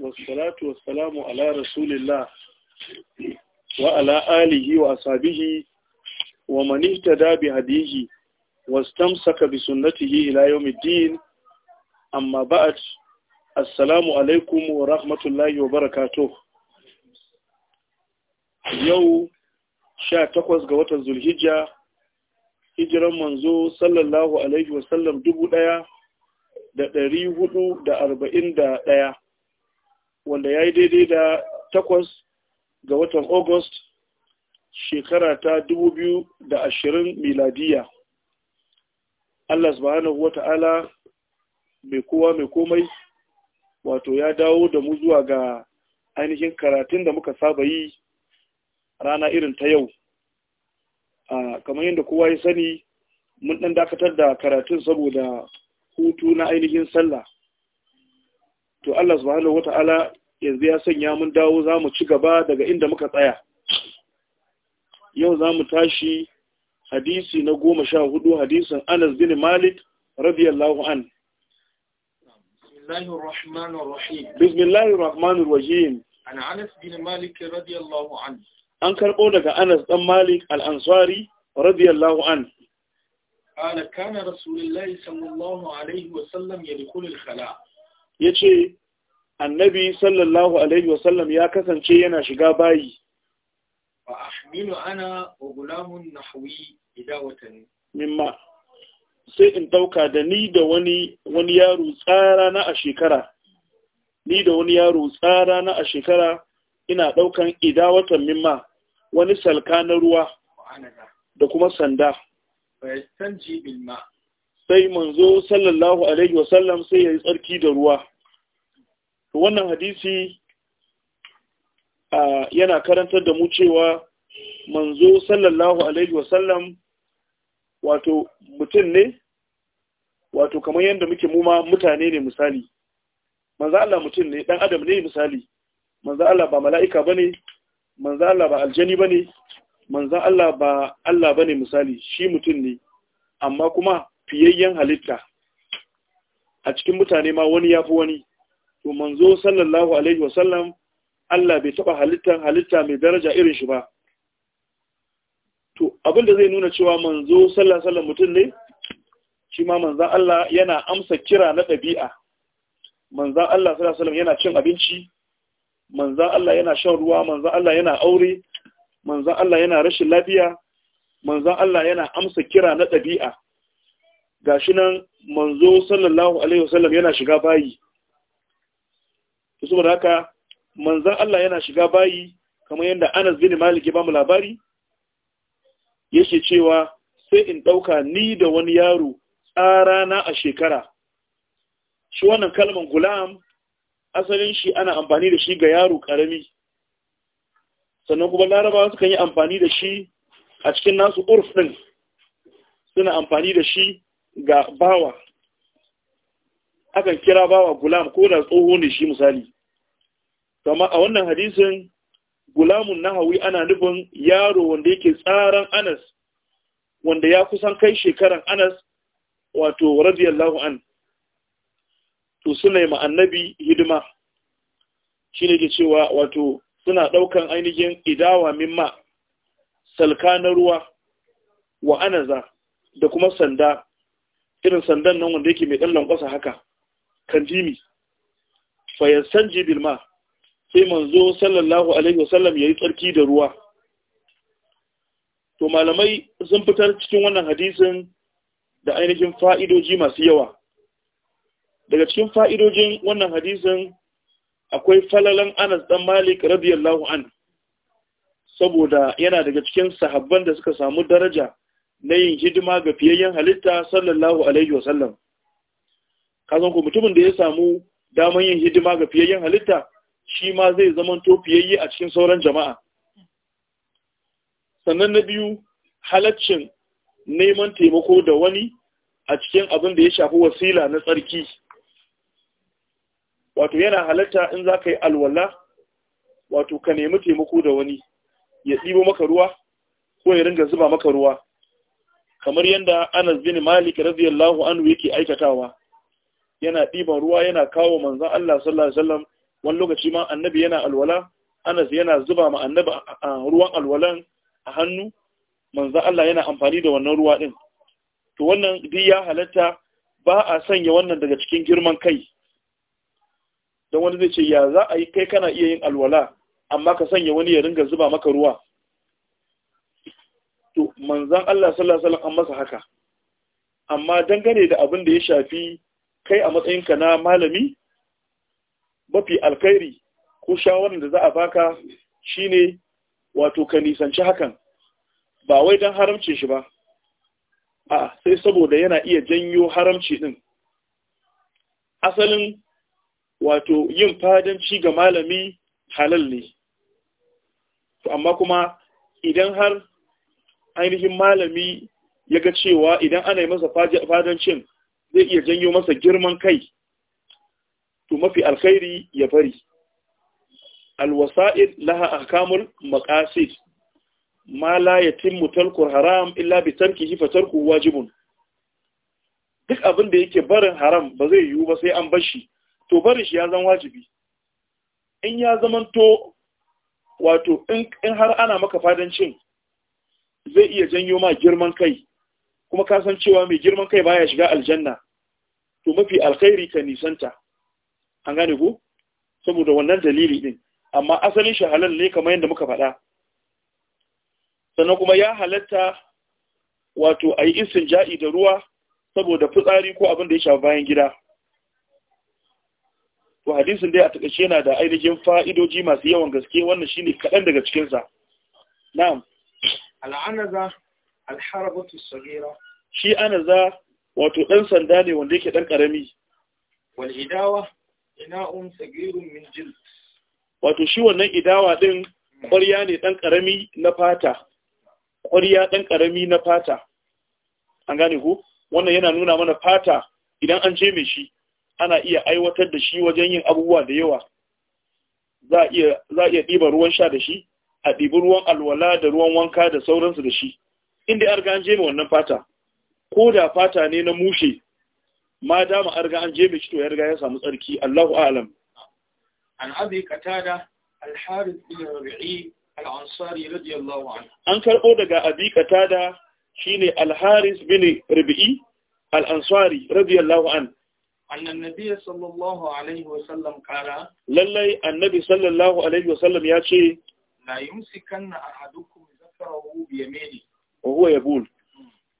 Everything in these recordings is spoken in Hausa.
wasalatu wasalamu ala rasulillah wa ala alihi wa ashabihi wa man ihtada bi hadihi wastamsaka bi sunnatihi ila yawmiddin amma ba'd assalamu alaikum wa rahmatullahi wa barakatuh yau sha takwas ga watan zulhijja hijiran manzo sallallahu alaihi sallam dubu daya da ɗari hudu da arba'in da ɗaya wanda ya yi daidai da takwas ga watan august shekara ta dubu biyu da ashirin miladiya allah subhanahu wa ta'ala mai kowa mai komai wato ya dawo da mu zuwa ga ainihin karatun da muka saba yi rana irin ta yau kamar yadda kowa ya sani mun ɗan dakatar da karatun saboda hutu na ainihin sallah to Allah subhanahu wata'ala yanzu ya sanya mun dawo za mu ci gaba daga inda muka tsaya yau za mu tashi hadisi na goma sha hudu hadisin anas bin malik radiyallahu an bismillahir rahim an anas bin malik radiyallahu an an daga anas ɗan malik al radiyallahu an قال كان رسول الله صلى الله عليه وسلم يدخل الخلاء ya ce annabi sallallahu alaihi wasallam ya kasance yana shiga bayi a ahmilu ana wa gulamun nahwi idawatan mimma sai in dauka da ni da wani wani yaro tsara na a shekara ni da wani yaro tsara na a shekara ina daukan watan mimma wani salka na ruwa da kuma sanda fa yastanji bil ma' sai manzo sallallahu alaihi wasallam sai ya yi tsarki da ruwa to wannan hadisi yana karantar da mu cewa manzo sallallahu alaihi wasallam wato mutum ne wato kamar yadda muke muma mutane ne misali manzo Allah mutum ne dan adam ne misali manzo Allah ba mala'ika bane manzo Allah ba aljani bane manzo Allah ba Allah bane misali shi mutum ne amma kuma fiyayyen halitta a cikin mutane ma wani ya fi wani to manzo sallallahu alaihi wasallam Allah bai taba halittan halitta mai daraja irin shi ba to abinda zai nuna cewa manzo sallallahu alaihi mutum ne shi ma manzan Allah yana amsa kira na ɗabi'a manzan Allah sallallahu alaihi yana cin abinci manzan Allah yana shan ruwa manzan Allah yana aure manzan Allah yana rashin lafiya manzan Allah yana amsa kira na ɗabi'a gashi nan manzo sallallahu alaihi wasallam yana shiga bayi to saboda haka manzan Allah yana shiga bayi kamar yadda Anas bin Malik ya ba mu labari yake cewa sai in ɗauka ni da wani yaro tsara a shekara shi wannan kalman gulam asalin shi ana amfani da shi ga yaro karami sannan kuma larabawa sukan yi amfani da shi a cikin nasu urf din suna amfani da shi ga bawa akan kira bawa gulam ko da tsoho ne shi misali kama a wannan hadisin gulamun nahawi ana nufin yaro wanda yake tsaran anas wanda ya kusan kai shekaran anas wato radiyallahu an to suna yi annabi hidima shi ne ke cewa wato suna ɗaukan ainihin idawa mimma salka na ruwa wa anaza da kuma sanda irin sandan nan wanda yake mai ɗan lankwasa haka kan jimi fayasan jibil ma sai manzo sallallahu alaihi wasallam ya yi tsarki da ruwa to malamai sun fitar cikin wannan hadisin da ainihin fa'idoji masu yawa daga cikin fa'idojin wannan hadisin akwai falalan anas dan malik radiyallahu an saboda yana daga cikin sahabban da suka samu daraja na yin hidima ga fiyayyen halitta sallallahu alaihi wasallam kazan ku mutumin da ya samu damar yin hidima ga fiyayyen halitta shi ma zai zaman to fiyayye a cikin sauran jama'a sannan na biyu halaccin neman taimako da wani a cikin abin da ya shafi wasila na tsarki wato yana halatta in za ka yi alwala wato ka nemi taimako da wani ya ɗibo maka ruwa ko ya ringa zuba maka ruwa kamar yadda Anas bin Malik radiyallahu anhu yake aikatawa yana ɗiban ruwa yana kawo manzon Allah sallallahu alaihi wasallam wani lokaci ma annabi yana alwala Anas yana zuba ma annabi ruwan alwalan a hannu manzon Allah yana amfani da wannan ruwa din to wannan duk ya halatta ba a sanya wannan daga cikin girman kai don wani zai ce ya za a yi kai kana iya yin alwala amma ka sanya wani ya ringa zuba maka ruwa to manzan Allah sallallahu alaihi an masa haka amma dangane da abin da ya shafi kai a matsayinka na malami mafi alkhairi ko shawarar da za a baka shine wato ka nisanci hakan ba wai dan haramce shi ba a sai saboda yana iya janyo haramci din asalin wato yin fadanci ga malami halal ne amma kuma idan har ainihin malami ya ga cewa idan ana yi masa fadancin zai iya janyo masa girman kai to mafi alkhairi ya bari alwasa'id laha ahkamul maqasid ma la yatimmu tarkul haram illa bi tarkihi fa tarku wajibun duk abin da yake barin haram ba zai yiwu ba sai an bashi, to barin shi ya zan wajibi in ya zamanto wato in har ana maka fadancin zai iya janyo ma girman kai kuma ka san cewa mai girman kai baya shiga aljanna to mafi alkhairi ka nisanta an gane ku saboda wannan dalili din amma asalin shi halal ne kamar yadda muka faɗa sannan kuma ya halatta wato a yi ja'i da ruwa saboda fitsari ko abin da ya shafi bayan gida to hadisin dai a takaice yana da ainihin fa'idoji masu yawan gaske wannan shine kaɗan daga cikinsa na'am al'anaza alharabatu sagira shi anaza wato dan sanda ne wanda yake dan karami wal idawa ina'un sagirun min jil. wato shi wannan idawa din ƙwarya ne dan karami na fata ƙwarya dan karami na fata an gane ku wannan yana nuna mana fata idan an je mai shi ana iya aiwatar da shi wajen yin abubuwa da yawa za a iya ɗiba ruwan sha da shi a ɗibi ruwan alwala da ruwan wanka da sauransu da shi inda an riga an je mai wannan fata ko da fata ne na mushe ma dama arga an je mai shi to ya riga ya samu tsarki Allahu a'lam an abi katada al-harith bin rabi'i al-ansari radiyallahu anhu an karbo daga abi katada shine al-harith bin rabi'i al-ansari radiyallahu anhu أن Nabi sallallahu Alaihi wasallam وسلم قال annabi sallallahu Alaihi wasallam عليه وسلم la yumsikanna ahadukum zakarahu bi yamini wa huwa yabul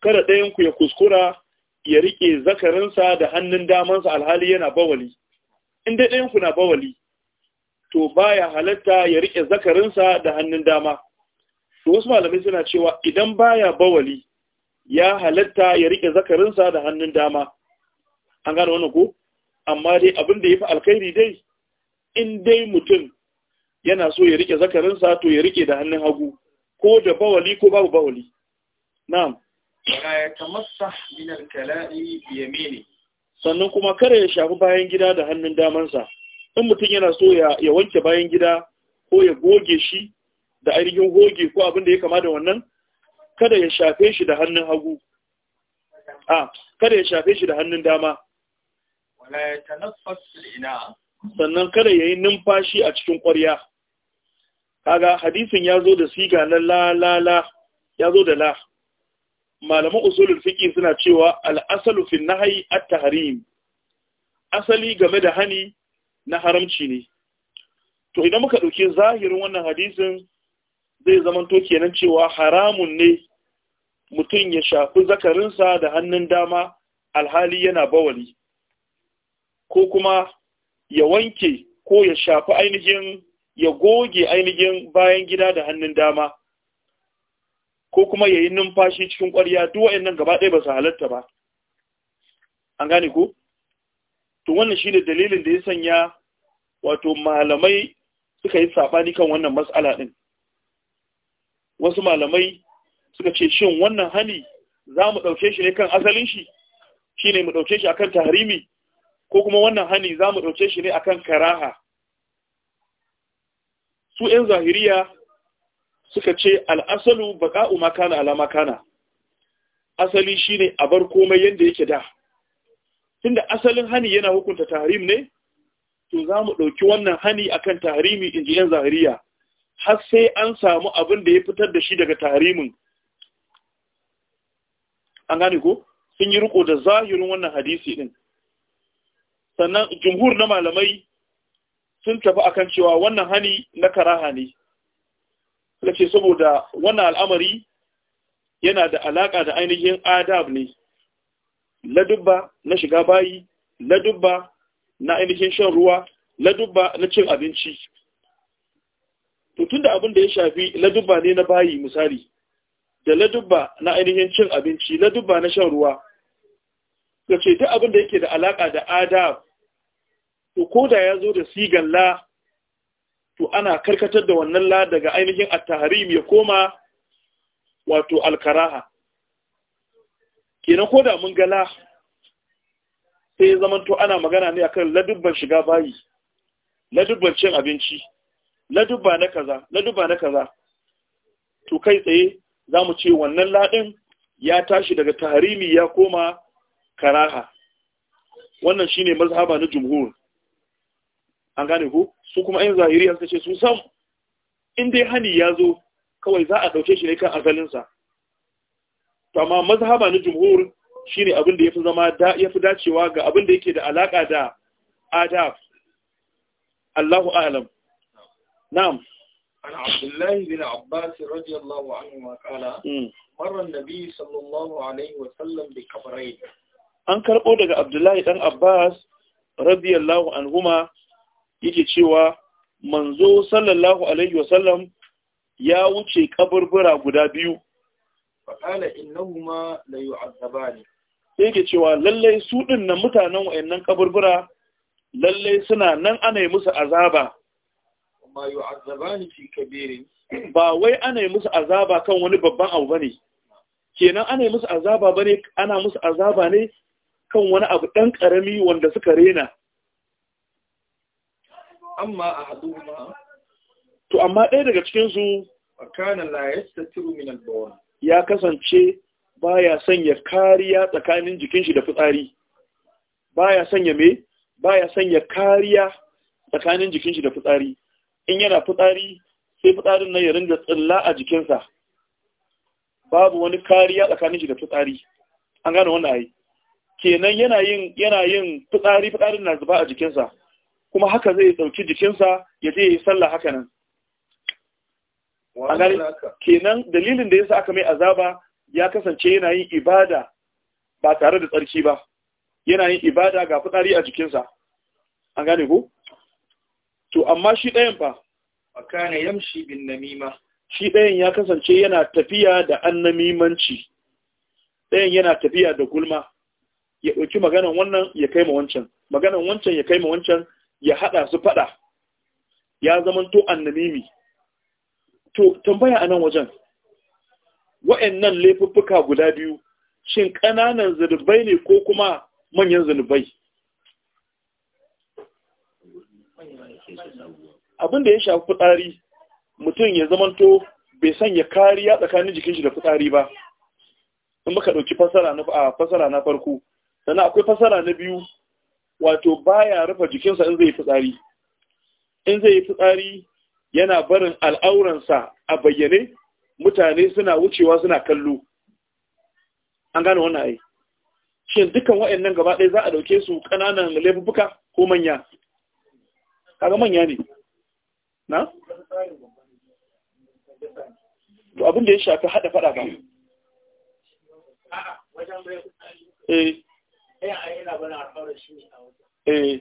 kada ɗayan ku ya kuskura ya rike zakarinsa da hannun damansa alhali yana bawali in dai ɗayan ku na bawali to baya halatta ya rike zakarinsa da hannun dama to wasu malamai suna cewa idan baya bawali ya halatta ya rike zakarinsa da hannun dama an gane wannan ko amma dai abin da ya fi alkhairi dai in dai mutum yana so ya rike zakarinsa to ya rike da hannun hagu ko da bawali ko babu bawali na'am ya yatamassah min al-kala'i bi yamini sannan kuma kare ya shafi bayan gida da hannun damansa in mutum yana so ya wanke bayan gida ko ya goge shi da ainihin goge ko abin da ya kama da wannan kada ya shafe shi da hannun hagu a kada ya shafe shi da hannun dama sannan kada ya yi numfashi a cikin ƙwarya kaga hadisin ya zo da siga na la la la ya zo da la malaman usulul fiƙi suna cewa al-asalu fi nahyi at-tahrim asali game da hani na haramci ne to idan muka ɗauki zahirin wannan hadisin zai zamanto kenan cewa haramun ne mutum ya shafi zakarinsa da hannun dama alhali yana bawali ko kuma ya wanke ko ya shafi ainihin ya goge ainihin bayan gida da hannun dama ko kuma ya yi numfashi cikin ƙwarya duk waɗannan gaba ɗaya ba su halatta ba an gane ko to wannan shine dalilin da ya sanya wato malamai suka yi saɓani kan wannan mas'ala ɗin wasu malamai suka ce shin wannan hani za mu ɗauke shi ne kan asalin shi shine mu ɗauke shi akan tahrimi ko kuma wannan hani za mu ɗauke shi ne akan karaha su 'yan zahiriya suka ce al'asalu baka'u makana alama kana asali shine a bar komai yadda yake da tunda asalin hani yana hukunta tahrim ne to za mu ɗauki wannan hani akan tahrimi inji 'yan zahiriya har sai an samu abin da ya fitar da shi daga tahrimin an gane ko sun yi riko da zahirin wannan hadisi din sannan jumhur na malamai sun tafi a kan cewa wannan hani na karaha ne da ce saboda wannan al'amari yana da alaƙa da ainihin adab ne ladubba na shiga bayi ladubba na ainihin shan ruwa ladubba na cin abinci tutun da abin da ya shafi ladubba ne na bayi misali da ladubba na ainihin cin abinci ladubba na shan ruwa da ce duk abin da yake da alaƙa da adab to ko da ya zo da sigan la to ana karkatar da wannan la daga ainihin at-tahrim ya koma wato al-karaha kenan ko da mun ga la sai zaman to ana magana ne akan ladubban shiga bayi ladubban cin abinci ladubba na kaza ladubba na kaza to kai tsaye zamu ce wannan ladin ya tashi daga tahrimi ya koma karaha wannan shine mazhaba na jumhur an gane ko su kuma yan zahiriya suka ce su sam in dai hani ya zo kawai za a ɗauke shi ne kan asalinsa to amma mazhaba na jumhur ne abin da yafi zama dacewa ga abin da yake da alaƙa da adab Allahu a'lam na'am عن عبد الله بن عباس رضي الله قال مر النبي صلى الله عليه وسلم an karɓo daga abdullahi ɗan abbas radiyallahu anhuma yake cewa manzo sallallahu alaihi wasallam ya wuce kaburbura guda biyu faƙala innahuma la yu'azzabani sai yake cewa lalle su din nan mutanen wayannan kaburbura lalle suna nan ana yi musu azaba ma yu'azzabani fi kabirin ba wai ana yi musu azaba kan wani babban abu bane kenan ana yi musu azaba bane ana musu azaba ne kan wani abu dan karami wanda suka rena amma a haduhuma to amma ɗaya daga cikin su kana la yastatiru min al ya kasance baya sanya kariya tsakanin jikin shi da fitsari baya sanya me baya sanya kariya tsakanin jikin shi da fitsari in yana fitsari sai fitsarin nan ya rinda tsilla a jikinsa babu wani kariya tsakanin shi da fitsari an gane wannan ai kenan yana yin yana yin fitsari fitsarin na zuba a jikinsa kuma haka zai dauki jikinsa ya je yi sallah haka nan kenan dalilin da yasa aka mai azaba ya kasance yana yin ibada ba tare da tsarki ba yana yin ibada ga fitsari a jikinsa an gane ko to amma shi ɗayan fa akana yamshi bin namima shi ɗayan ya kasance yana tafiya da annamimanci ɗayan yana tafiya da gulma ya ɗauki maganan wannan ya kai ma wancan maganan wancan ya kai ma wancan ya haɗa su faɗa ya zamanto annamimi to tambaya a nan wajen wa'annan laifuffuka guda biyu shin ƙananan zunubai ne ko kuma manyan zunubai Abinda ya shafi fitsari mutum ya zamanto bai sanya kariya tsakanin jikin shi da fitsari ba in baka ɗauki fasara na fasara na farko sannan akwai fasara na biyu wato baya rufe jikinsa in zai fitsari in zai fitsari yana barin al'auransa a bayyane mutane suna wucewa suna kallo an gane wannan ai shin dukan waɗannan gaba ɗaya za a ɗauke su ƙananan laifuka ko manya kaga manya ne na to abin da ya shafi hada fada ba eh eh yana bana alƙawarin shi eh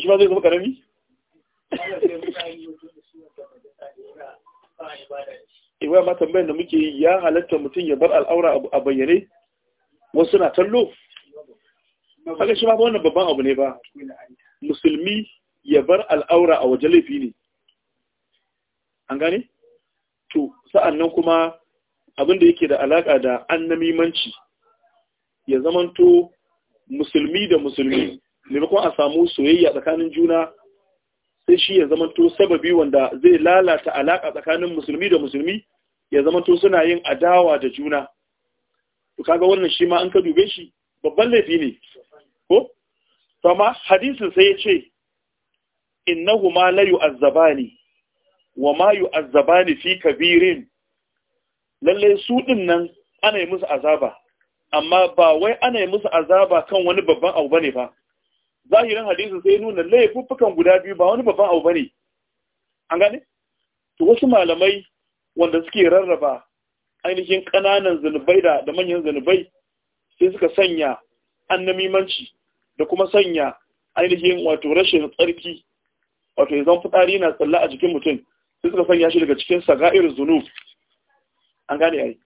shi ma zai zama karami iwa eh, ma tambayar da muke yi ya halatta mutum ya bar al'aura a bayyane wasu na tallo haka shi ma wannan babban abu ne ba musulmi ya bar al'aura a waje laifi ne an gane? to sa'annan kuma abin da yake da alaƙa da annamimanci ya zamanto musulmi da musulmi maimakon a samu soyayya tsakanin juna sai shi ya zamanto sababi wanda zai lalata alaƙa tsakanin musulmi da musulmi ya zamanto suna yin adawa da juna to kaga wannan shi ma an ka dube shi babban laifi ne ko to amma hadisin sai ya ce innahuma la yu'azzabani wa ma yu'azzabani fi kabirin lalle su din nan ana yi musu azaba amma ba wai ana yi musu azaba kan wani babban abu bane ba zahirin hadisin sai nuna laifuffukan guda biyu ba wani babban abu bane an gane to wasu malamai wanda suke rarraba ainihin ƙananan zunubai da da manyan zunubai sai suka sanya annamimanci da kuma sanya ainihin wato rashin tsarki wato ya zan fitari na tsalla a jikin mutum sai suka sanya shi daga cikin saga'ir zunub an gane ai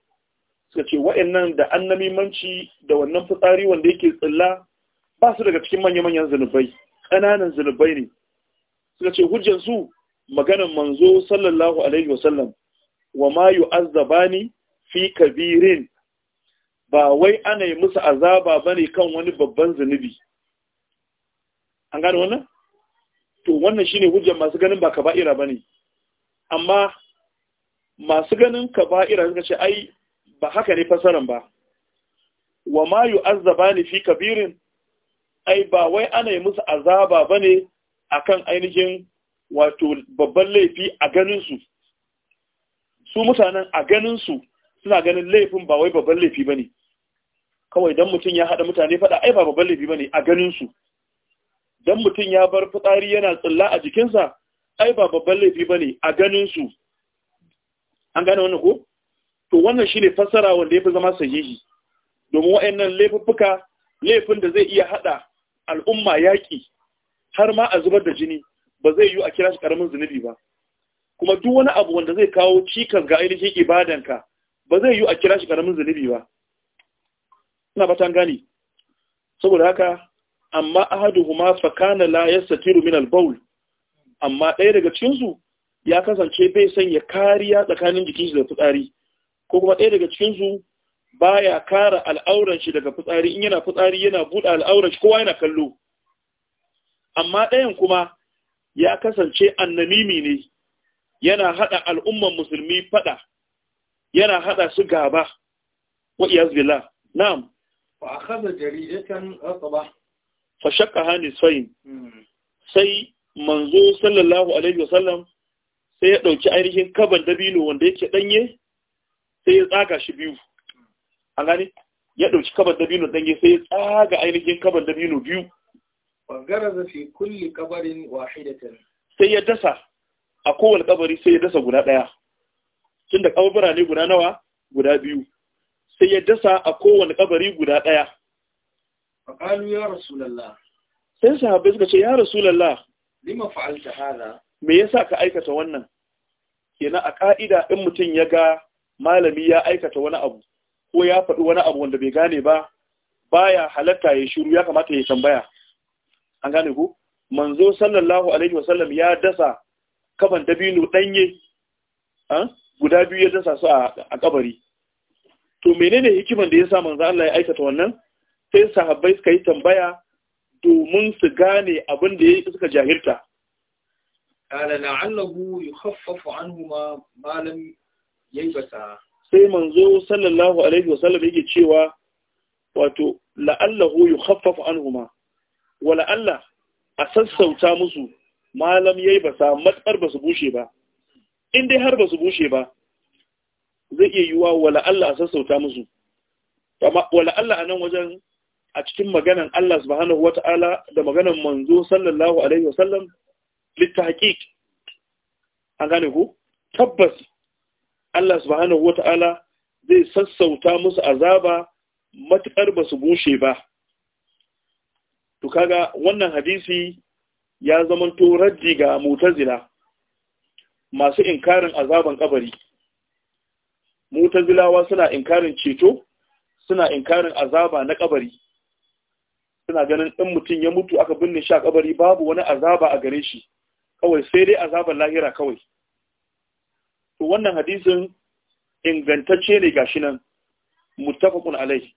suka ce wa'annan da annamimanci da wannan fitsari wanda yake tsilla ba su daga cikin manya-manyan zunubai ƙananan zunubai ne suka ce hujjansu maganan manzo sallallahu alaihi wasallam wa ma yu'azzabani fi kabirin ba wai ana yi musu azaba bane kan wani babban zunubi an gane wannan to wannan shine hujjan masu ganin ba kaba'ira bane amma masu ganin kaba'ira suka ce ai ba haka ne fasaran ba wa ma ni fi kabirin ai ba wai ana yi musu azaba bane akan ainihin wato babban laifi a ganin su su mutanen a ganin su suna ganin laifin ba wai babban laifi bane kawai dan mutum ya hada mutane fada ai ba babban laifi bane a ganin su dan mutum ya bar fitsari yana tsalla a jikinsa ai ba babban laifi bane a ganin su an gane wannan ko to wannan shi ne fassara wanda ya fi zama sahihi domin wa'annan laifuffuka laifin da zai iya hada al'umma yaƙi, har ma a zubar da jini ba zai yi a kira shi karamin zunubi ba kuma duk wani abu wanda zai kawo cikas ga ainihin ibadanka ba zai yi a kira shi karamin zunubi ba ina tan gani saboda haka amma ahaduhuma fa kana la yastatiru min al-bawl amma ɗaya daga cikin su ya kasance bai sanya kariya tsakanin jikin shi da fitsari ko kuma ɗaya daga su baya kara al'auran shi daga fitsari in yana fitsari yana buɗe al'auran shi kowa yana kallo amma ɗayan kuma ya kasance annamimi ne yana haɗa al'umman musulmi faɗa yana haɗa su gaba wa iyazbila na'am fa akhadha jaridatan atba fa shakka hani hmm. sai manzo sallallahu alaihi wasallam sai ya dauki ainihin kaban dabino wanda yake danye sai ya tsaga shi biyu an gani ya ɗauki kabar dabino danye sai ya tsaga ainihin kabar dabino biyu bangaraza fi kulle kabarin wahidatan sai ya dasa a kowane kabari sai ya dasa guda ɗaya tunda kabura ne guda nawa guda biyu sai ya dasa a kowane kabari guda ɗaya faqalu ya lalla. sai sahabbai suka ce ya rasulullah lima fa'alta hada me yasa ka aikata wannan kenan a ka'ida in mutum ya ga malami ya aikata wani abu ko ya faɗi wani abu wanda bai gane ba baya halatta ya shiru ya kamata ya tambaya an gane ku manzo sallallahu alaihi wasallam ya dasa kaban dabino danye guda biyu ya dasa su a kabari to menene hikiman da ya sa manzo Allah ya aikata wannan sai sahabbai suka yi tambaya domin su gane abin da suka jahilta قال لعله يخفف عنهما ما لم sai manzo sallallahu alaihi wasallam yake cewa wato la'allahu yukhaffafu anhuma wa la'alla a sassauta musu malam yayi sa matsar su bushe ba in dai har su bushe ba zai iya yiwa wa la'alla a sassauta musu amma wa la'alla anan wajen a cikin maganan Allah subhanahu wata'ala da maganan manzo sallallahu alaihi wasallam litahqiq an gane ku tabbas Allah subhanahu wata'ala zai sassauta musu azaba matuƙar ba su bushe ba to kaga wannan hadisi ya zamanto raddi ga mutazila masu inkarin azaban kabari mutazilawa suna inkarin ceto suna inkarin azaba na kabari suna ganin in mutum ya mutu aka binne shi a kabari babu wani azaba a gare shi kawai sai dai azaban lahira kawai to wannan hadisin ingantacce ne gashi nan muttafaqun alai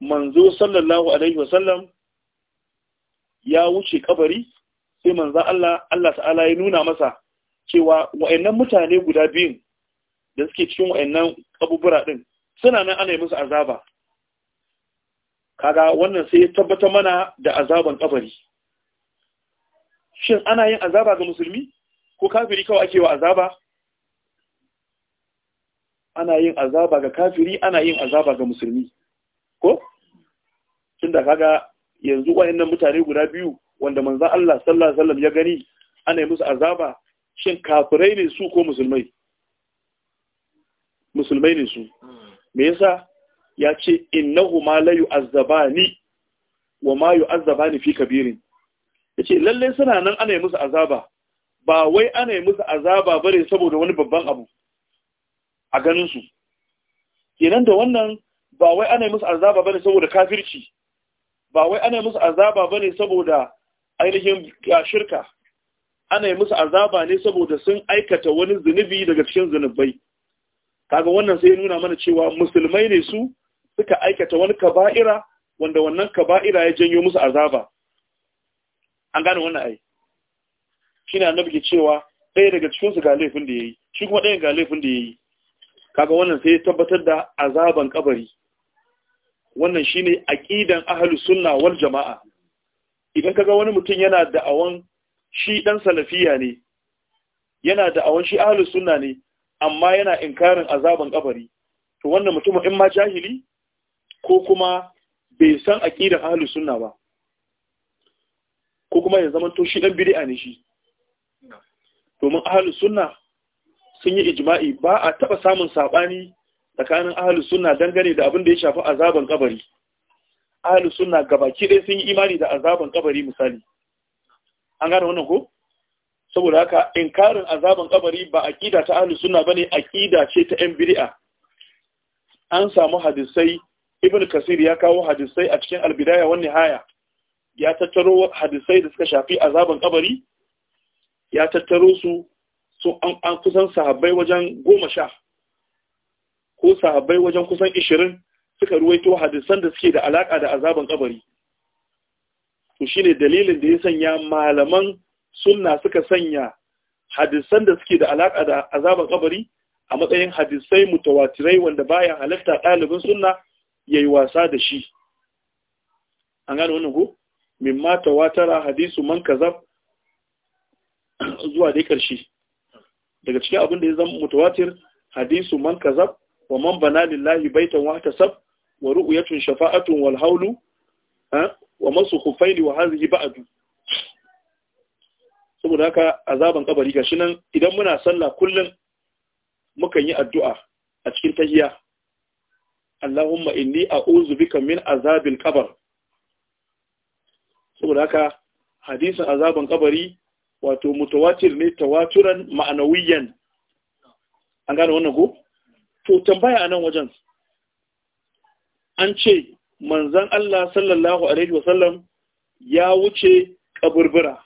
manzo sallallahu alaihi wasallam ya wuce kabari sai manzo Allah Allah ta'ala ya nuna masa cewa wayannan mutane guda biyun da suke cikin wayannan kabubura din suna nan ana yi musu azaba kaga wannan sai ya tabbata mana da azaban kabari shin ana yin azaba ga musulmi ko kafiri kawai ake wa azaba ana yin azaba ga kafiri ana yin azaba ga musulmi ko tunda kaga yanzu wayannan mutane guda biyu wanda manzo Allah sallallahu alaihi wasallam ya gani ana yi musu azaba shin kafirai ne su ko musulmai musulmai ne su me yasa ya ce innahu ma la yu'azzabani wa ma yu'azzabani fi kabirin yace lalle suna nan ana yi musu azaba ba wai ana yi musu azaba bare saboda wani babban abu a ganin su kenan da wannan ba wai ana yi musu azaba bane saboda kafirci ba wai ana yi musu azaba bane saboda ainihin ah, shirka ana yi musu azaba ne saboda sun aikata wani zunubi daga cikin zunubai kaga wannan sai ya nuna mana cewa musulmai ne su suka aikata wani kaba'ira wanda wannan kaba'ira ya janyo musu azaba an gane wannan ai shine annabi ke cewa ɗaya daga cikin su ga laifin da yayi shi kuma ɗayan ga laifin da yayi kaga wannan sai tabbatar da azaban kabari wannan shine aqidan ahlus sunna wal jamaa idan kaga wani mutum yana da awan shi dan salafiya ne yana da awan shi ahlus sunna ne amma yana inkarin azaban kabari to wannan mutum in ma jahili ko kuma bai san aqidan ahlus sunna ba ko kuma ya zama to shi dan bid'a ne shi domin ahlus sunna sun yi ijma'i ba a taɓa samun saɓani tsakanin ahli sunna dangane da abin da ya shafi azaban kabari ahli sunna gabaki dai sun yi imani da azaban kabari misali an gane wannan ko saboda haka inkarin azaban kabari ba aqida ta ahli sunna bane aqida ce ta yan bid'a an samu hadisai ibn kasir ya kawo hadisai a cikin albidaya wa nihaya ya tattaro hadisai da suka shafi azaban kabari ya tattaro su so an kusan sahabbai wajen goma sha ko sahabbai wajen kusan ishirin suka ruwaito hadisan da suke da alaƙa da azaban kabari to shine dalilin da ya sanya malaman sunna suka sanya hadisan da suke da alaƙa da azaban kabari a matsayin hadisai mutawatirai wanda baya halatta ɗalibin sunna yayi wasa da shi an gane wannan ko mimma tawatara hadisu man kazab zuwa dai ƙarshe daga cikin abin da ya zama mutawatir hadisu man kazab wa man bana lillahi baitan wa kasab wa ru'yatun shafa'atun wal hawlu wa masu khuffaini wa hadhihi ba'du saboda haka azaban kabari gashi nan idan muna sallah kullum mukan yi addu'a a cikin tahiyya Allahumma inni a'udhu bika min azabil qabr saboda haka hadisin azaban kabari wato mutawatir ne tawaturan ma'anawiyan an gane wannan ko to tambaya a nan wajen an ce manzan Allah sallallahu alaihi wasallam ya wuce kaburbura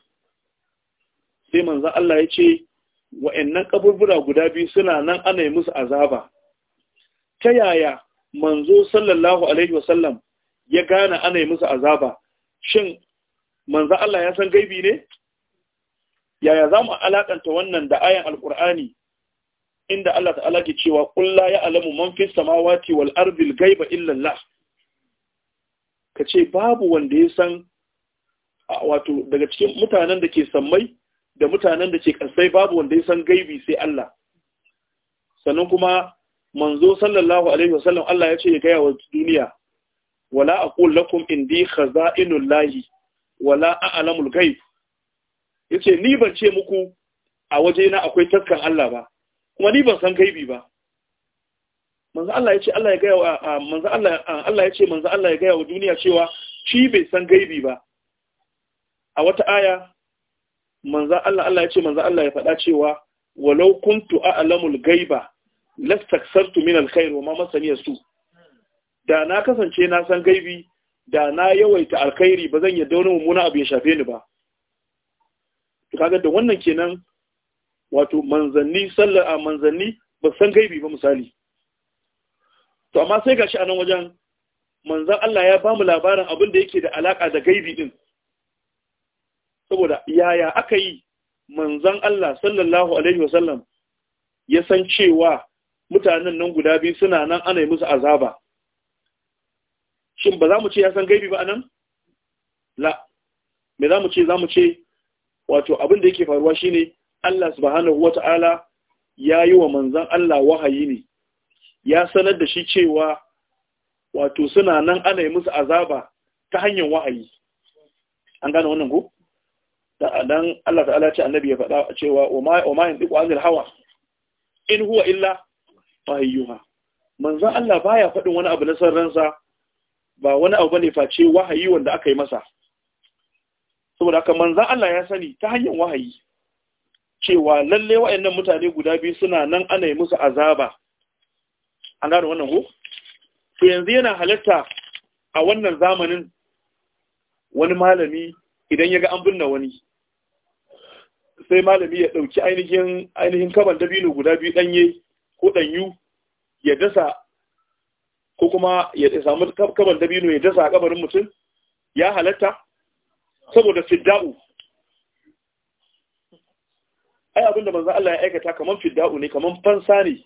sai manzan Allah ya ce wa'annan kaburbura guda biyu suna nan ana yi musu azaba ta yaya manzo sallallahu alaihi wasallam ya gane ana yi musu azaba shin manzan Allah ya san gaibi ne yaya za mu alakanta wannan da ayan alkur'ani inda Allah ta'ala ke cewa kulla ya alamu man fi samawati wal ardil gaiba illa Allah kace babu wanda ya san wato daga cikin mutanen da ke sammai da mutanen da ke kasai babu wanda ya san gaibi sai Allah sannan kuma manzo sallallahu alaihi wasallam Allah ya ce ya gaya wa duniya wala aqul lakum indi khaza'inullahi wala a'lamul ghaib yace ni ban ce muku a waje na akwai taskan Allah ba kuma ni ban san kaibi ba manzo Allah yace Allah ya ga manzo Allah Allah yace manzo Allah ya ga wa duniya cewa shi bai san gaibi ba a wata aya manzo Allah Allah yace manzo Allah ya faɗa cewa walau kuntu a'lamul gaiba lastaksartu min alkhair wa ma masani su da na kasance na san gaibi da na yawaita alkhairi ba zan yadda wani mummuna abu ya shafe ni ba kaga da wannan kenan wato manzanni sallar a manzanni ba san gaibi ba misali to amma sai gashi a nan wajen manzan Allah ya ba mu labarin abin da yake da alaka da gaibi din saboda yaya aka yi manzan Allah sallallahu alaihi wasallam ya san cewa mutanen nan guda biyu suna nan ana yi musu azaba shin ba za mu ce ya san gaibi ba anan la me za mu ce za mu ce wato abin da yake faruwa shine Allah subhanahu wata'ala ya yi wa manzan Allah wahayi ne ya sanar da shi cewa wato suna nan ana yi musu azaba ta hanyar wahayi an gane wannan ko dan Allah ta'ala ce annabi ya faɗa cewa wa ma yanzu qanil hawa in huwa illa wahayyuha manzan Allah baya faɗin wani abu na sarransa ba wani abu bane face wahayi wanda aka yi masa saboda haka manzan Allah ya sani ta hanyar wahayi cewa lalle wa'annan mutane guda biyu suna nan ana yi musu azaba an gane wannan ko to yanzu yana halatta a wannan zamanin wani malami idan ya ga an binne wani sai malami ya ɗauki ainihin ainihin kaban dabino guda biyu ɗanye ko ɗanyu ya dasa ko kuma ya samu kaban dabino ya dasa a kabarin mutum ya halatta saboda fidda'u ai abinda da manzo Allah ya aikata kaman fidda'u ne kaman fansa ne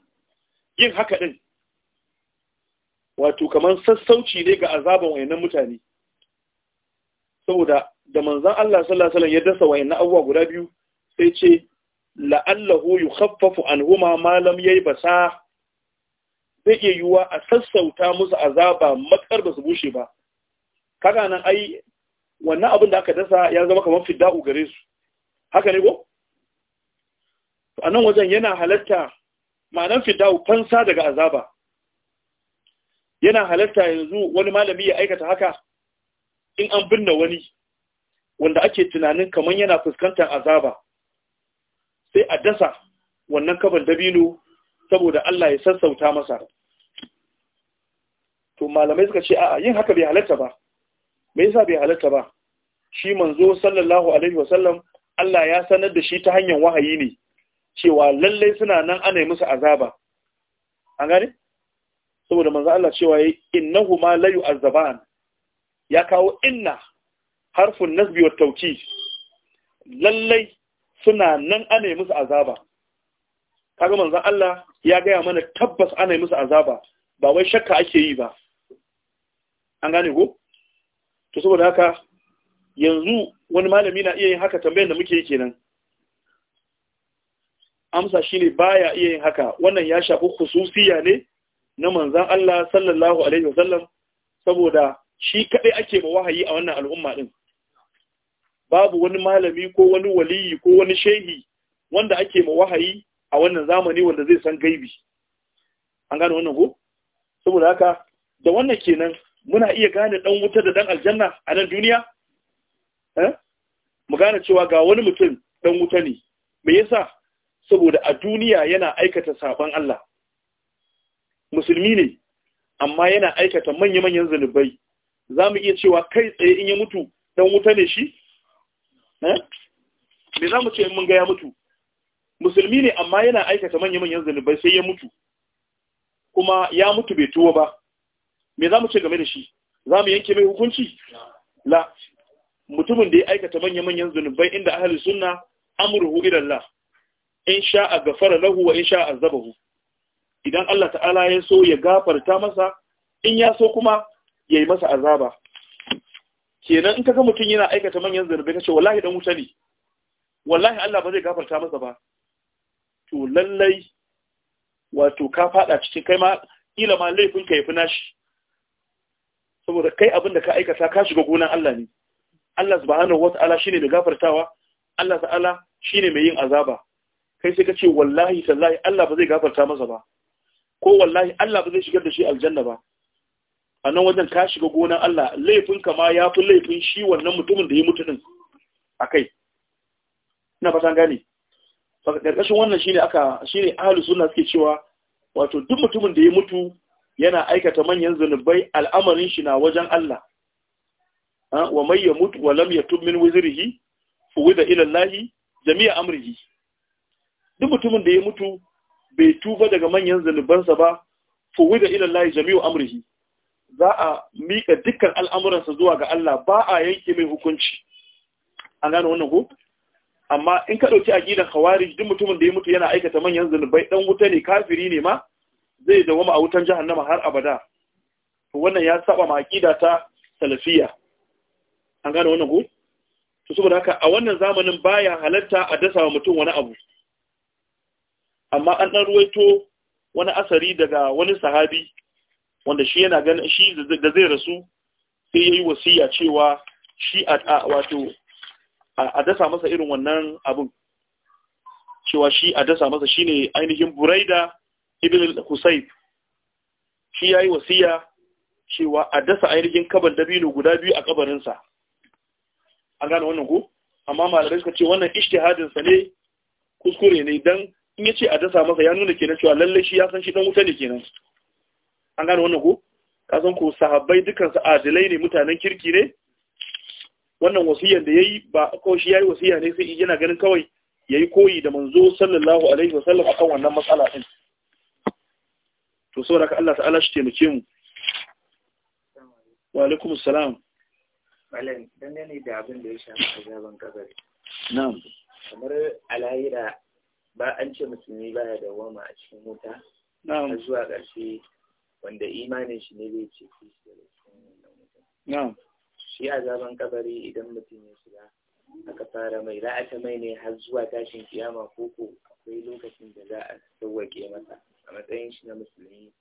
yin haka din wato kaman sassauci ne ga azaban wayannan mutane saboda da manzon Allah sallallahu alaihi wasallam ya dasa wayannan abubuwa guda biyu sai ce la'allahu yukhaffafu anhuma ma lam yaybasa zai iya yiwuwa a sassauta musu azaba makar ba su bushe ba kaga nan ai wannan abin da aka dasa ya zama kamar fidda'u gare su haka ne ko a nan wajen yana halatta ma'anan fidda'u fansa daga azaba yana halatta yanzu wani malami ya aikata haka in an binne wani wanda ake tunanin kamar yana fuskantar azaba sai a dasa wannan kabar dabino saboda Allah ya sassauta masa to malamai suka ce a yin haka bai halatta ba me yasa bai halatta ba shi manzo sallallahu alaihi wasallam Allah ya sanar da shi ta hanyar wahayi ne cewa lalle suna nan ana yi musu azaba an gane saboda manzo Allah cewa yi, innahu ma la yu'azzaban ya kawo inna harfun nasbi wa tawkid lalle suna nan ana yi musu azaba kaga manzo Allah ya gaya mana tabbas ana yi musu azaba ba wai shakka ake yi ba an gane ko saboda haka yanzu wani malami na iya yin haka tambayar da muke yi kenan amsa shine baya iya yin haka wannan ya shafi khususiya ne na manzan Allah sallallahu alaihi wasallam saboda shi kadai ake ba wahayi a wannan al'umma din babu wani malami ko wani waliyi ko wani shehi wanda ake ma wahayi a wannan zamani wanda zai san gaibi an gane wannan ko saboda haka da wannan kenan muna iya gane dan wuta da dan aljanna a nan duniya eh? mu gane cewa ga wani mutum dan wuta ne me yasa saboda a duniya yana aikata saban Allah musulmi ne amma yana aikata manya-manyan zanubai za mu iya cewa kai tsaye in ya mutu dan wuta ne shi eh? me za mu ce mun ga ya mutu musulmi ne amma yana aikata manya-manyan zanubai sai ya mutu kuma ya mutu bai tuwo ba me za mu ce game da shi za mu yanke mai hukunci la mutumin da ya aikata manya-manyan zunubai inda ahli sunna amruhu ila Allah in sha'a gafara lahu wa in sha'a zabahu idan Allah ta'ala ya so ya gafarta masa in ya so kuma ya yi masa azaba kenan in kaga mutum yana aikata manyan zunubai kace wallahi dan wuta ne wallahi Allah ba zai gafarta masa ba to lallai wato ka fada cikin kai ma ila ma laifin ka yafi nashi saboda kai abin da ka aikata ka shiga gonan Allah ne Allah subhanahu wata'ala shine mai gafartawa Allah ta'ala shine mai yin azaba kai sai ka ce wallahi sallahi Allah ba zai gafarta masa ba ko wallahi Allah ba zai shigar da shi aljanna ba a nan wajen ka shiga gonan Allah laifin ka ma ya fi laifin shi wannan mutumin da ya mutu din a kai ina fatan gane saboda karkashin wannan shine aka shine ahlus sunna suke cewa wato duk mutumin da ya mutu yana aikata manyan zunubai al'amarin shi na wajen Allah wa mai ya mutu wa lam ya min wuzirihi fuwi da ilallahi, jami'a amrihi duk mutumin da ya mutu bai tuba daga manyan zunubansa ba fuwi da ilallahi, jami'a amrihi za a mika dukkan al'amuransa zuwa ga Allah ba a yanke mai hukunci an gane wannan ko amma in ka a gidan khawarij duk mutumin da ya mutu yana aikata manyan zunubai Ɗan wuta ne kafiri ne ma zai dawama a wutan jahannama har abada to wannan ya saba ma aqida ta salafiya an gane wannan ko to saboda haka a wannan zamanin baya halarta a dasa wa mutum wani abu amma an dan ruwaito wani asari daga wani sahabi wanda shi yana ganin shi da zai rasu sai yayi wasiya cewa shi a wato a dasa masa irin wannan abun cewa shi a dasa masa shine ainihin buraida ibn al-husayb shi yayi wasiya cewa a dasa ainihin kabar dabino guda biyu a kabarinsa an gane wannan ko amma malamai suka ce wannan ijtihadin sa ne kuskure ne dan in yace a dasa masa ya nuna kenan cewa lalle shi ya san shi dan wuta ne kenan an gane wannan ko ka san ko sahabbai dukan su adilai ne mutanen kirki ne wannan wasiyar da yayi ba ko shi yayi wasiya ne sai yana ganin kawai yayi koyi da manzo sallallahu alaihi wasallam akan wannan matsala din to saboda ka Allah ta'ala shi taimake mu wa salam assalam malam dangane da abin da ya shafi azaban kabari na'am kamar alayira ba an ce musulmi baya da wama a cikin wuta na'am zuwa ƙarshe wanda imanin shi ne zai ce shi daga da wannan na'am shi azaban kabari idan mutum ya shiga aka fara mai ra'ata mai ne har zuwa tashin kiyama koko akwai lokacin da za a sauwaƙe masa a matsayin shi na musulmi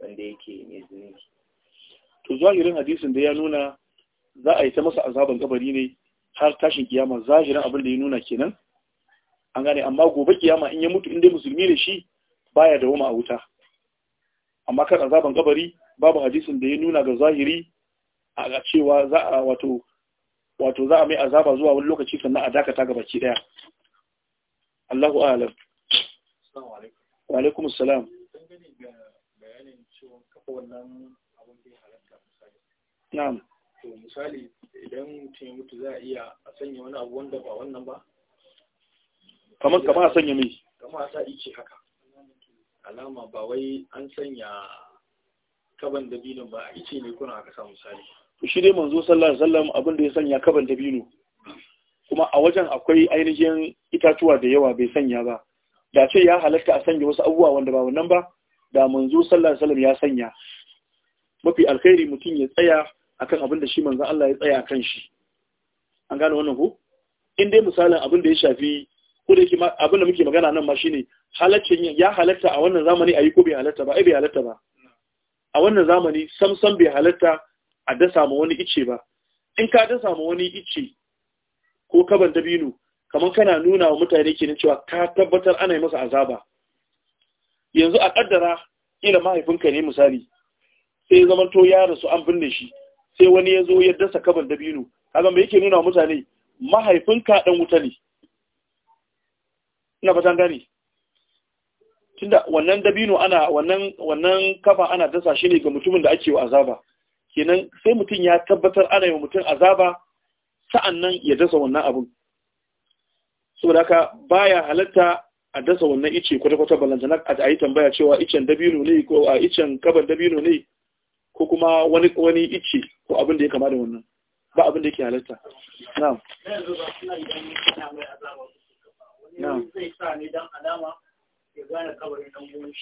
wanda yake ne zunubi to zahirin hadisin da ya nuna za a yi ta masa azaban kabari ne har tashin kiyama zahirin abin da ya nuna kenan an gane amma gobe kiyama in ya mutu inda musulmi ne shi baya da wama a wuta amma kan azaban kabari babu hadisin da ya nuna ga zahiri a cewa za a wato wato za a mai azaba zuwa wani lokaci sannan a dakata ga baki daya Allahu a'lam assalamu alaikum wa salam na'am to misali idan mutum ya mutu za a iya a sanya wani abu wanda ba wannan ba kamar kamar a sanya mai kamar a sa ice haka alama ba wai an sanya kaban dabino ba a ice ne kuna aka sa misali shi dai manzo sallallahu alaihi wasallam abin da ya sanya kaban dabino kuma a wajen akwai ainihin itatuwa da yawa bai sanya ba da ce ya halatta a sanya wasu abubuwa wanda ba wannan ba da manzo sallallahu alaihi wasallam ya sanya mafi alkhairi mutum ya tsaya akan abin da shi manzo Allah ya tsaya akan shi an gane wannan ko in dai misalin abin da ya shafi ko da yake abin da muke magana nan ma shine halaccin ya halatta a wannan zamani ayi ko bai halatta ba ai eh, bai halatta ba a wannan zamani sam sam bai halatta a dasa ma wani ice ba in ka dasa ma wani ice ko kaban dabino kamar kana nuna wa mutane kenan cewa ka tabbatar ana yi masa azaba yanzu a kaddara ila mahaifinka ne misali sai ya zama to ya rasu an binne shi sai wani ya zo ya dasa kaban dabino kaga me yake nuna wa mutane mahaifinka dan wuta ne ina fatan gane tunda wannan dabino ana wannan wannan kafa ana dasa shi ne ga mutumin da ake wa azaba kenan sai mutum ya tabbatar ana yi wa mutum azaba sa'annan ya dasa wannan abun saboda haka baya halatta a dasa wannan ice kwata-kwata balantana a yi tambaya cewa icen dabino ne ko a icen kabar dabino ne ko kuma wani wani ice ko abin da ya kama da wannan ba abin da yake halatta na'am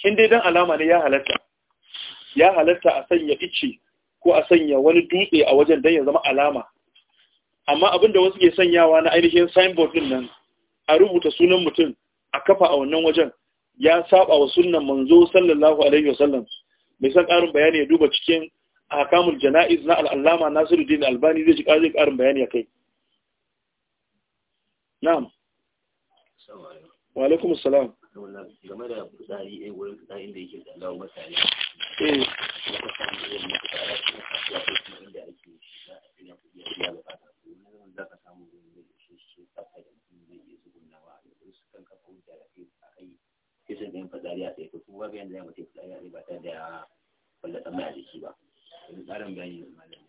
in dai dan alama ne ya halatta ya halatta a sanya ice ko a sanya wani dutse a wajen dan ya zama alama amma abin da wasu ke sanyawa na ainihin signboard din nan a rubuta sunan mutum a kafa a wannan wajen ya saba wa sunan manzo sallallahu alaihi wasallam mai san karin bayani ya duba cikin ahkamul jana'iz na al-allama Nasiruddin Albani zai ji karin karin bayani akai na'am wa alaikum assalam game da fitsari a eh, wurin fitsarin da yake da lawa mutane eh da kan kafa hujja da sai a kai sai sun ɗin fadariya sai to kuma babu yanda ya mutum fadariya sai ba ta da fallasa mai a jiki ba yanzu tsarin bayani da malam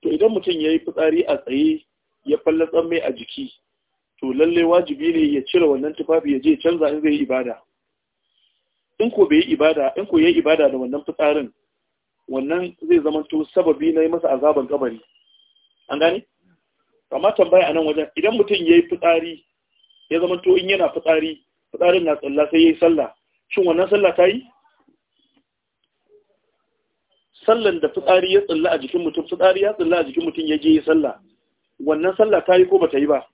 to idan mutum ya yi fitsari a tsaye ya fallasa mai a jiki to lallai wajibi ne ya cire wannan tufafi ya je canza in zai yi ibada in ko bai yi ibada in ko yayi ibada da wannan fitsarin wannan zai zama to sababi na yi masa azaban kabari an gane amma tambaya a nan wajen idan mutum ya yi fitsari ya zama to in yana fitsari fitsarin na tsalla sai yayi sallah shin wannan sallah ta yi sallan da fitsari ya tsalla a jikin mutum fitsari ya tsalla a jikin mutum ya je ya sallah wannan sallah ta yi ko ba ta yi ba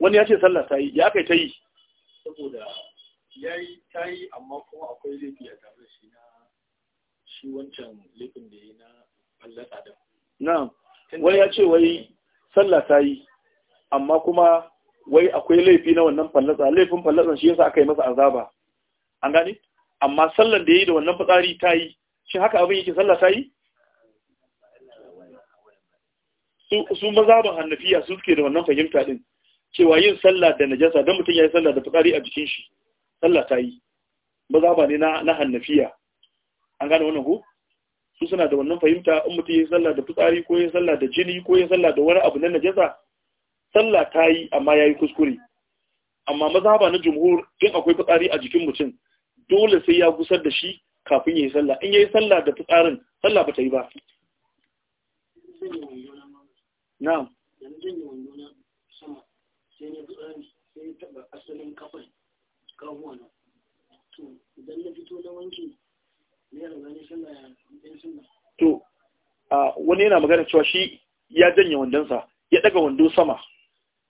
wani ya ce sallah ta yi ya aka ta yi saboda ya yi ta yi amma kuma akwai laifi a tare shi na shi wancan laifin da ya yi na fallasa da na'am wani ya ce wai sallah ta yi amma kuma wai akwai laifi na wannan fallasa laifin fallatsan shi yasa aka yi masa azaba an gane amma sallar da yayi da wannan fitsari ta yi shin haka abin yake sallah ta yi su mazaban hannafiya su suke da wannan fahimta din cewa yin sallah da najasa dan mutum yayi sallah da fitsari a jikin shi sallah ta yi Mazaba ne na na hannafiya an gane wannan ko su suna da wannan fahimta in mutum yayi sallah da fitsari ko yayi sallah da jini ko yayi sallah da wani abu na najasa sallah ta yi amma ya yi kuskure amma mazhaba na jumhur in akwai fitsari a jikin mutum dole sai ya gusar da shi kafin ya yi sallah in ya yi sallah da fitsarin sallah ba ta yi ba to wani yana magana cewa shi ya janye wandonsa ya daga wando sama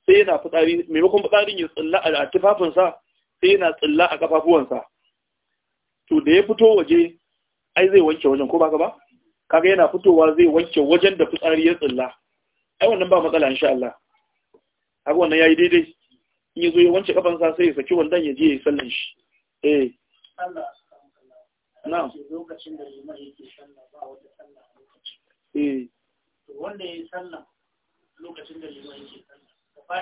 sai yana fitsari maimakon fitsarin ya tsilla a tufafinsa sai yana tsilla a kafafuwansa to da ya fito waje ai zai wanke wajen ko baka ba kaga yana fitowa zai wanke wajen da fitsari ya tsilla ai wannan ba matsala insha Allah haka wannan yayi daidai in yazo ya wanke kafansa sai ya saki wandan ya je ya sallan shi eh Allah na'am lokacin da liman yake sallah ba wata sallah lokacin eh wanda yayi sallah lokacin da liman yake sallah to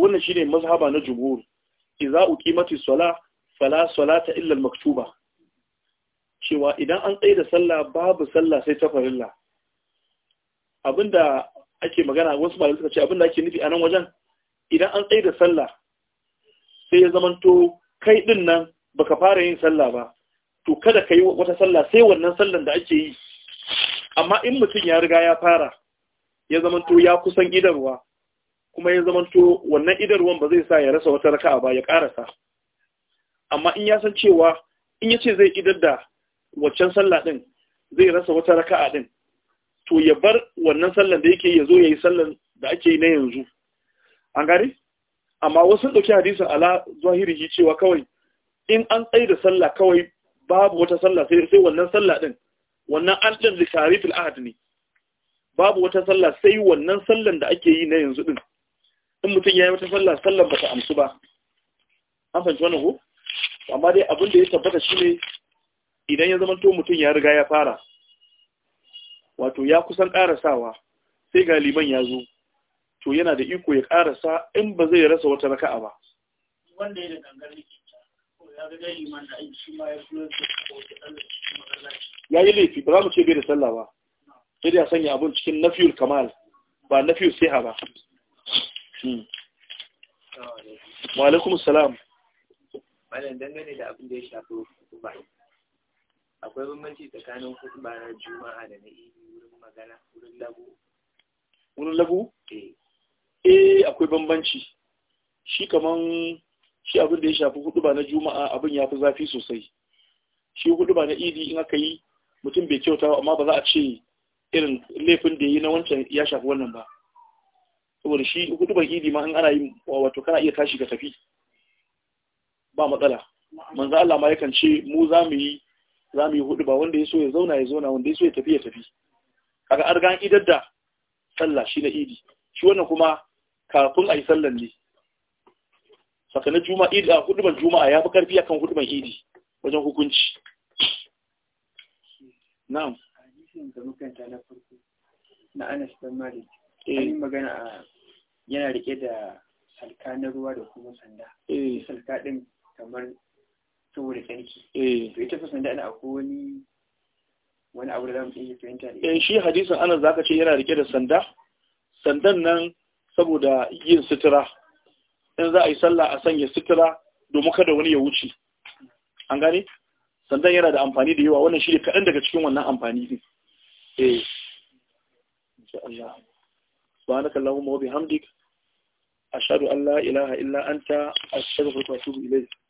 wannan shine mazhaba na jumhur uki mati sala fala salata illa al-maktuba cewa idan an tsaye da sallah babu sallah sai ta farilla abinda ake magana wasu malamai suka ce abinda ake nufi a nan wajen idan an tsaye da sallah sai ya zamanto kai din nan baka fara yin sallah ba to kada ka yi wata sallah sai wannan sallan da ake yi amma in mutum ya riga ya fara ya zamanto ya kusan idarwa kuma ya zamanto wannan idarwan ba zai sa ya rasa wata raka'a ba ya karasa amma in ya san cewa in ya ce zai idar da waccan sallah din zai rasa wata raka'a din to ya bar wannan sallan da yake ya zo ya yi sallan da ake yi na yanzu an gare, amma wasu ɗauki hadisin ala zahiri cewa kawai in an tsaye da sallah kawai babu wata sallah sai wannan sallah din wannan an ɗin da tarifin ahad ne babu wata sallah sai wannan sallan da ake yi na yanzu din in mutum ya yi wata sallah sallan ba ta amsu ba an fahimci wannan ko amma dai abin da ya tabbata shi ne idan ya zama to mutum ya riga ya fara wato ya kusan karasawa sai ga liman ya zo to yana da iko ya karasa in ba zai rasa wata raka'a ba wanda ya da gangar ya yi laifi ba za mu ce bai da sallah ba sai ya sanya abin cikin nafiyul kamal ba nafiyul siha ba hmm. wa alaikum salam malam dangane da abin da ya shafi hutuba akwai bambanci tsakanin hutuba na juma'a da na idi wurin magana wurin lagu wurin lagu eh, eh akwai bambanci shi kaman shi abin da ya shafi hutuba na juma'a abin ya fi zafi sosai shi hutuba na idi in aka yi mutum bai kyauta amma ba za a ce irin laifin da yi na wancan ya shafi wannan ba saboda shi hudubar idi ma an ana yi wato kana iya tashi ka tafi ba matsala manzo Allah ma yakan ce mu za mu yi za mu yi ba wanda ya so ya zauna ya zauna wanda ya so ya tafi ya tafi kaga an riga idar da sallah shi na idi shi wannan kuma kafin a yi sallan ne na juma'a idi a huduban juma'a ya fi karfi akan huduban idi wajen hukunci na'am hadisin da makaranta na farko na Anas bin Malik eh. yi magana a yana rike da salka na ruwa da kuma sanda eh salka din kamar saboda tsarki eh to ita fa sanda ana ko wani wani abu da za mu iya fahimta da eh shi hadisin za ka ce yana rike da sanda sandan nan saboda yin sutura in za a yi sallah a sanya sutura domin kada wani ya wuce an gane sandan yana da amfani da yawa wannan shi ne kaɗan daga cikin wannan amfani ne eh insha Allah subhanaka allahumma wa bihamdik ashhadu an la ilaha illa anta astaghfiruka wa